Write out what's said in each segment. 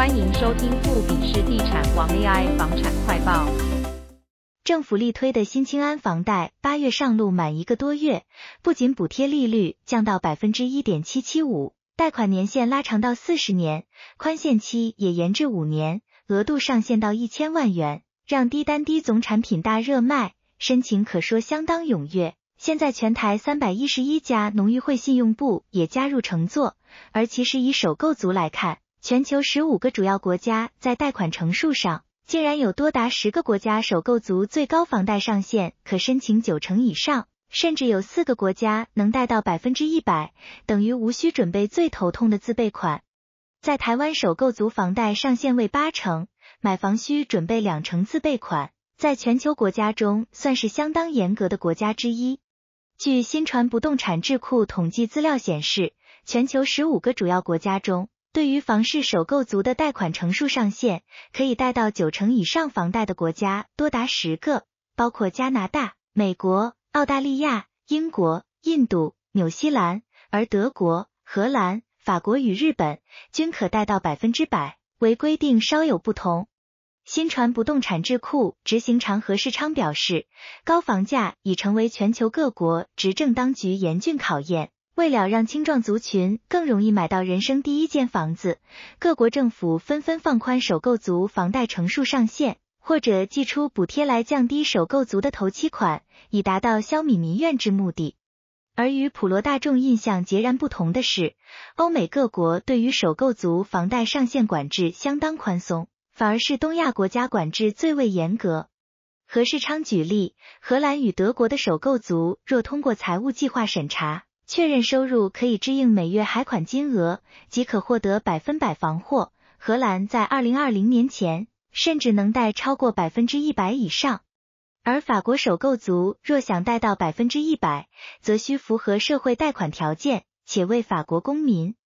歡迎收聽富比士地產王 AI 房產快報。政府力推的新青安房貸八月上路滿一個多月，不僅補貼利率降到百分之一點七七五，貸款年限拉長到四十年，寬限期也延至五年，額度上限到一千萬元，讓低單低總產品大熱賣，申請可說相當踴躍。現在全台三百一十一家農漁會信用部也加入承作，而其實以首購族來看。全球十五個主要國家在貸款成數上，竟然有多達十個國家首購族最高房貸上限可申請九成以上，甚至有四個國家能貸到百分之一百，等於無需準備最頭痛的自備款。在台灣首購族房貸上限為八成，買房需準備兩成自備款，在全球國家中算是相當嚴格的國家之一。據新傳不動產智庫統計資料顯示，全球十五個主要國家中，對於房市首購族的貸款成數上限，可以貸到九成以上房貸的國家多達十個，包括加拿大、美國、澳大利亞、英國、印度、紐西蘭，而德國、荷蘭、法國與日本均可貸到百分之百，唯規定稍有不同。新傳不動產智庫執行長何世昌表示，高房價已成為全球各國執政當局嚴峻考驗。為了讓青壯族群更容易買到人生第一間房子，各國政府紛紛放寬首購族房貸成數上限，或者寄出補貼來降低首購族的頭期款，以達到消弭民怨之目的。而與普羅大眾印象截然不同的是，歐美各國對於首購族房貸上限管制相當寬鬆，反而是東亞國家管制最為嚴格。何世昌舉例，荷蘭與德國的首購族若通過財務計劃審查，確認收入可以支應每月還款金額，即可獲得百分百房貸。荷蘭在二零二零年前甚至能貸超過百分之一百以上，而法國首購族若想貸到百分之一百，則需符合社會貸款條件，且為法國公民。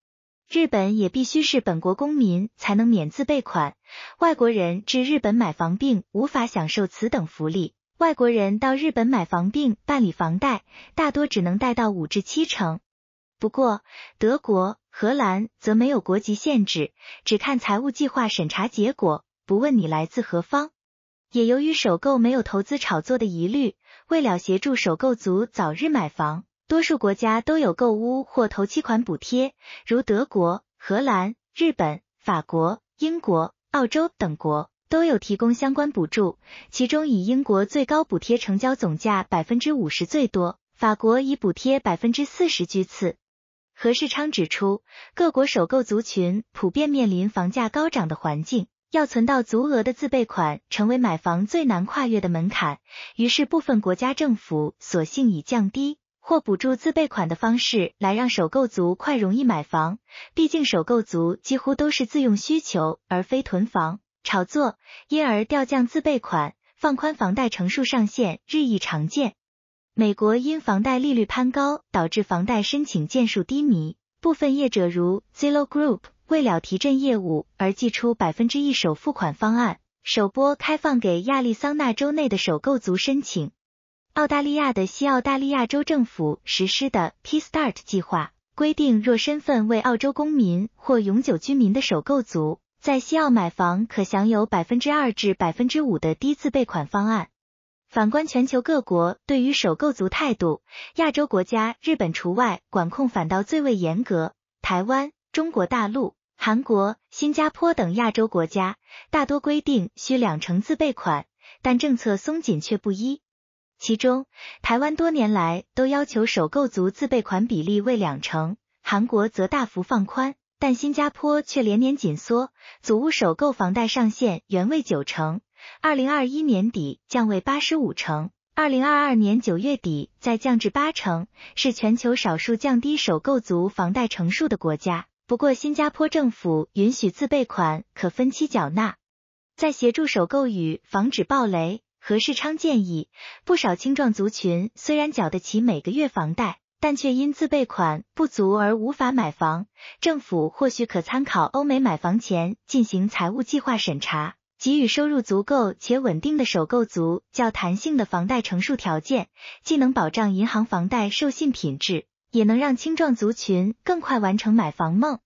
日本也必須是本國公民才能免自備款，外國人至日本買房並無法享受此等福利。外國人到日本買房並辦理房貸，大多只能貸到五至七成。不過，德國、荷蘭則沒有國籍限制，只看財務計劃審查結果，不問你來自何方。也由於首購沒有投資炒作的疑慮，為了協助首購族早日買房，多數國家都有購屋或頭期款補貼，如德國、荷蘭、日本、法國、英國、澳洲等國。都有提供相關補助，其中以英國最高補貼成交總價百分之五十最多，法國以補貼百分之四十居次。何世昌指出，各國首購族群普遍面臨房價高漲的環境，要存到足額的自備款成為買房最難跨越的門檻，於是部分國家政府索性以降低或補助自備款的方式來讓首購族快容易買房。畢竟首購族幾乎都是自用需求而非囤房。炒作，因而調降自備款、放寬房貸成數上限日益常見。美國因房貸利率攀高，導致房貸申請件數低迷。部分業者如 Zillow Group 為了提振業務而祭出百分之一首付款方案，首波開放給亞利桑那州內的首購族申請。澳大利亞的西澳大利亞州政府實施的 Keystart 計劃規定，若身份為澳洲公民或永久居民的首購族，在西澳買房可享有百分之二至百分之五的低自備款方案。反觀全球各國對於首購族態度，亞洲國家日本除外，管控反倒最為嚴格。台灣、中國大陸、韓國、新加坡等亞洲國家大多規定需兩成自備款，但政策鬆緊卻不一。其中，台灣多年來都要求首購族自備款比例為兩成，韓國則大幅放寬。但新加坡卻連年緊縮，組屋首購房貸上限原為九成，二零二一年底降為八五成，二零二二年九月底再降至八成，是全球少數降低首購族房貸成數的國家。不過新加坡政府允許自備款可分期繳納。在協助首購與防止暴雷，何世昌建議，不少青壯族群雖然繳得起每個月房貸。但卻因自備款不足而無法買房，政府或許可參考歐美買房前進行財務計劃審查，給予收入足夠且穩定的首購族較彈性的房貸成數條件，既能保障銀行房貸授信品質，也能讓青壯族群更快完成買房夢。